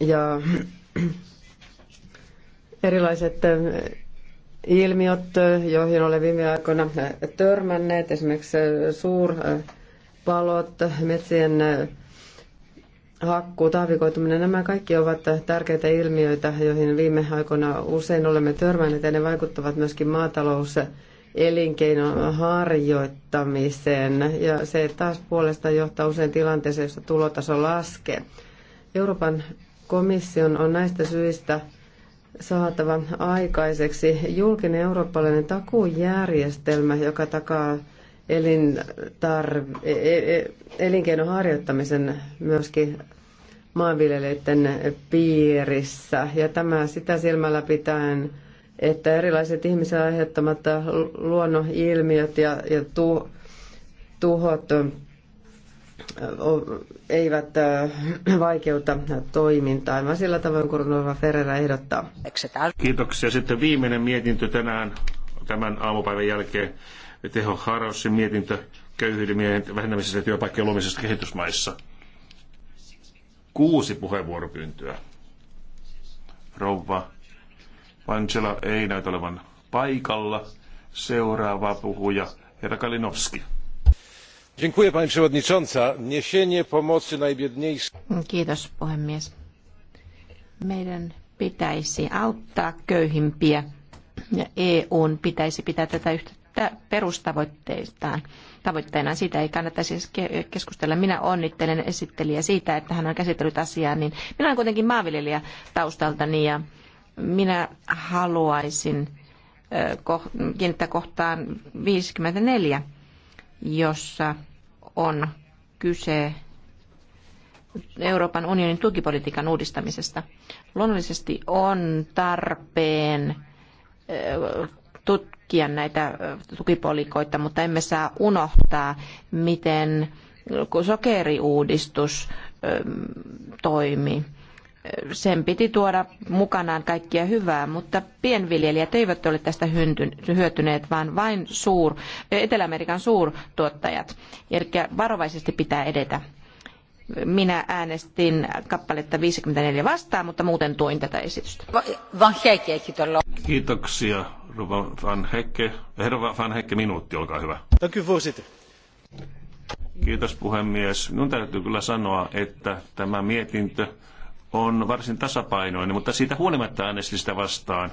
ja erilaiset ilmiöt, joihin olen viime aikoina törmänneet, esimerkiksi suurpalot, metsien hakkuu, taavikoituminen, nämä kaikki ovat tärkeitä ilmiöitä, joihin viime aikoina usein olemme törmänneet ja ne vaikuttavat myöskin maatalous- elinkeinon harjoittamisen. Ja se taas puolesta johtaa usein tilanteeseen, jossa tulotaso laskee. Euroopan komission on näistä syistä saatava aikaiseksi julkinen eurooppalainen takuujärjestelmä, joka takaa e- e- e- elinkeinon harjoittamisen myöskin maanviljelijöiden piirissä. Ja tämä sitä silmällä pitäen että erilaiset ihmisen aiheuttamat luonnonilmiöt ja, ja tu, tuhot eivät vaikeuta toimintaa, Mä sillä tavoin kun Nova Ferreira ehdottaa.
Kiitoksia. Sitten viimeinen mietintö tänään tämän aamupäivän jälkeen. Teho Harossin mietintö köyhyyden miehen vähentämisestä ja työpaikkojen luomisesta kehitysmaissa. Kuusi puheenvuoropyyntöä. Rouva Angela ei näytä olevan paikalla. Seuraava puhuja, herra Kalinowski.
Kiitos puhemies. Meidän pitäisi auttaa köyhimpiä ja EUn pitäisi pitää tätä yhtä perustavoitteistaan tavoitteena. Siitä ei kannata siis keskustella. Minä onnittelen esittelijä siitä, että hän on käsitellyt asiaa. Niin minä olen kuitenkin maanviljelijä taustaltani ja minä haluaisin kiinnittää kohtaan 54, jossa on kyse Euroopan unionin tukipolitiikan uudistamisesta. Luonnollisesti on tarpeen tutkia näitä tukipolikoita, mutta emme saa unohtaa, miten sokeriuudistus toimi sen piti tuoda mukanaan kaikkia hyvää, mutta pienviljelijät eivät ole tästä hyötyneet, vaan vain suur, Etelä-Amerikan suurtuottajat. Eli varovaisesti pitää edetä. Minä äänestin kappaletta 54 vastaan, mutta muuten tuin tätä esitystä.
Kiitoksia, Van Hekke. Herra Van Hekke, minuutti, olkaa hyvä. Kiitos puhemies. Minun täytyy kyllä sanoa, että tämä mietintö on varsin tasapainoinen, mutta siitä huolimatta äänestin sitä vastaan.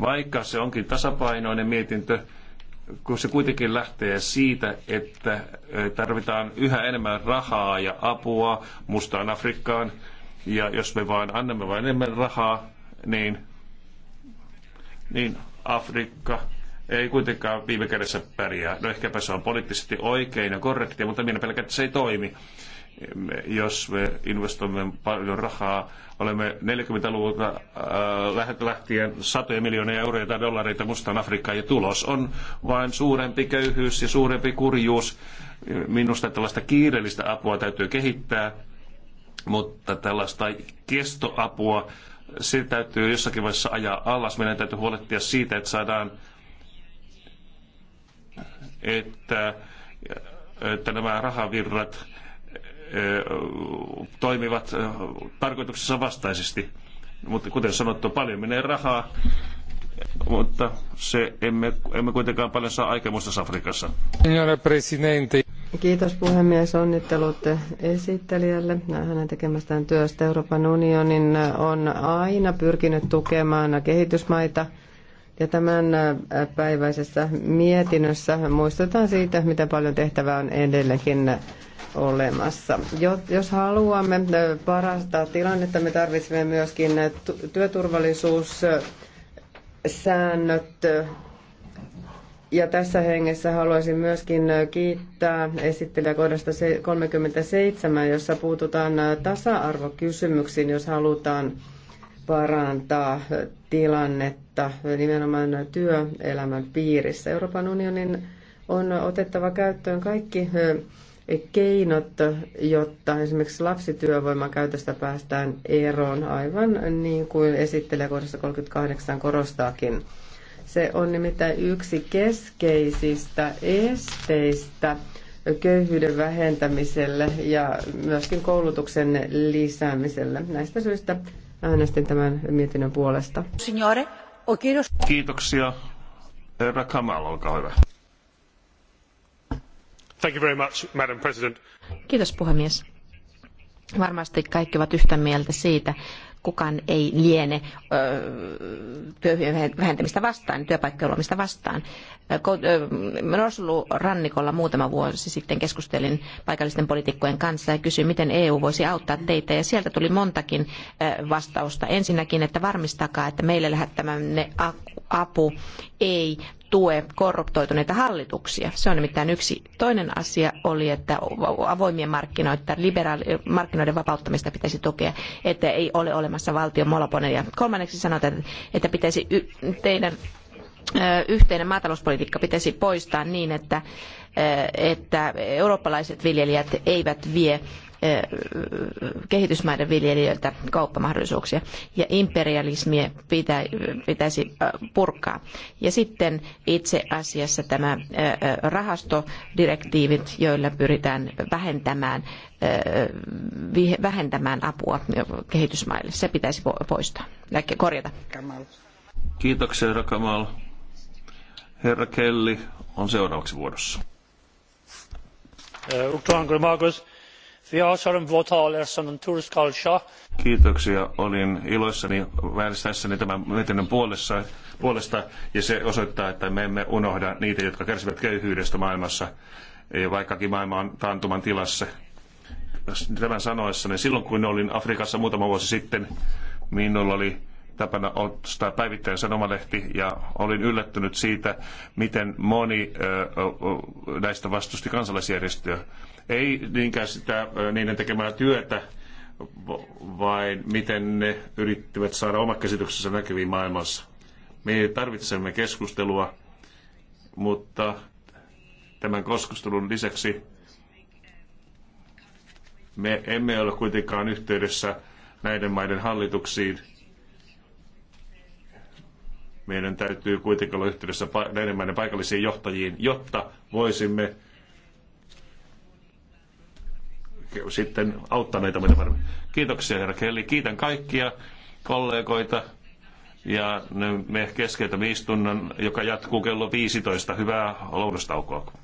Vaikka se onkin tasapainoinen mietintö, kun se kuitenkin lähtee siitä, että tarvitaan yhä enemmän rahaa ja apua mustaan Afrikkaan, ja jos me vain annamme vain enemmän rahaa, niin, niin Afrikka ei kuitenkaan viime kädessä pärjää. No ehkäpä se on poliittisesti oikein ja korrektia, mutta minä pelkään, että se ei toimi jos me investoimme paljon rahaa, olemme 40-luvulta äh, lähtien satoja miljoonia euroja tai dollareita mustaan Afrikkaan ja tulos on vain suurempi köyhyys ja suurempi kurjuus. Minusta tällaista kiireellistä apua täytyy kehittää, mutta tällaista kestoapua, se täytyy jossakin vaiheessa ajaa alas. Meidän täytyy huolehtia siitä, että saadaan, että, että nämä rahavirrat toimivat tarkoituksensa vastaisesti. Mutta kuten sanottu, paljon menee rahaa, mutta se emme, emme kuitenkaan paljon saa aikemusta Afrikassa.
Kiitos puhemies, onnittelut esittelijälle hänen tekemästään työstä. Euroopan unionin on aina pyrkinyt tukemaan kehitysmaita ja tämän päiväisessä mietinnössä muistetaan siitä, miten paljon tehtävää on edelleenkin olemassa. Jos haluamme parastaa tilannetta, me tarvitsemme myöskin työturvallisuussäännöt. Ja tässä hengessä haluaisin myöskin kiittää esittelijäkohdasta 37, jossa puututaan tasa-arvokysymyksiin, jos halutaan parantaa tilannetta nimenomaan työelämän piirissä. Euroopan unionin on otettava käyttöön kaikki keinot, jotta esimerkiksi lapsityövoiman käytöstä päästään eroon, aivan niin kuin esittelijä kohdassa 38 korostaakin. Se on nimittäin yksi keskeisistä esteistä köyhyyden vähentämiselle ja myöskin koulutuksen lisäämiselle. Näistä syistä äänestin tämän mietinnön puolesta.
Signore, o kiitos. Kiitoksia. Herra Kamal, olkaa hyvä.
Kiitos puhemies. Varmasti kaikki ovat yhtä mieltä siitä, kukaan ei liene työhyön vähentämistä vastaan, työpaikkojen luomista vastaan. Norsulurannikolla muutama vuosi sitten keskustelin paikallisten poliitikkojen kanssa ja kysyin, miten EU voisi auttaa teitä. Ja sieltä tuli montakin vastausta. Ensinnäkin, että varmistakaa, että meille lähettämänne apu ei tue korruptoituneita hallituksia. Se on nimittäin yksi. Toinen asia oli, että avoimien markkinoiden, liberaali- markkinoiden vapauttamista pitäisi tukea, että ei ole olemassa valtion monopoleja. Kolmanneksi sanotaan, että pitäisi teidän yhteinen maatalouspolitiikka pitäisi poistaa niin, että, että eurooppalaiset viljelijät eivät vie Eh, kehitysmaiden viljelijöiltä kauppamahdollisuuksia. Ja imperialismia pitä, pitäisi eh, purkaa. Ja sitten itse asiassa tämä eh, rahastodirektiivit, joilla pyritään vähentämään vähentämään apua kehitysmaille. Se pitäisi poistaa korjata.
Kiitoksia, Rakamal. Herra Kelly on seuraavaksi vuorossa. Kiitoksia. Olin iloissani äänestäessäni tämän mietinnön puolessa, puolesta, ja se osoittaa, että me emme unohda niitä, jotka kärsivät köyhyydestä maailmassa, vaikkakin maailma on taantuman tilassa. Tämän sanoessani, silloin kun olin Afrikassa muutama vuosi sitten, minulla oli tapana ostaa päivittäin sanomalehti ja olin yllättynyt siitä, miten moni näistä vastusti kansalaisjärjestöä. Ei niinkään sitä niiden tekemää työtä, vain miten ne yrittivät saada omat käsityksensä näkyviin maailmassa. Me tarvitsemme keskustelua, mutta tämän keskustelun lisäksi me emme ole kuitenkaan yhteydessä näiden maiden hallituksiin – meidän täytyy kuitenkin olla yhteydessä enemmän paikallisiin johtajiin, jotta voisimme sitten auttaa näitä maita paremmin. Kiitoksia herra Kelly. Kiitän kaikkia kollegoita. Ja me keskeytämme istunnon, joka jatkuu kello 15. Hyvää lounastaukoa.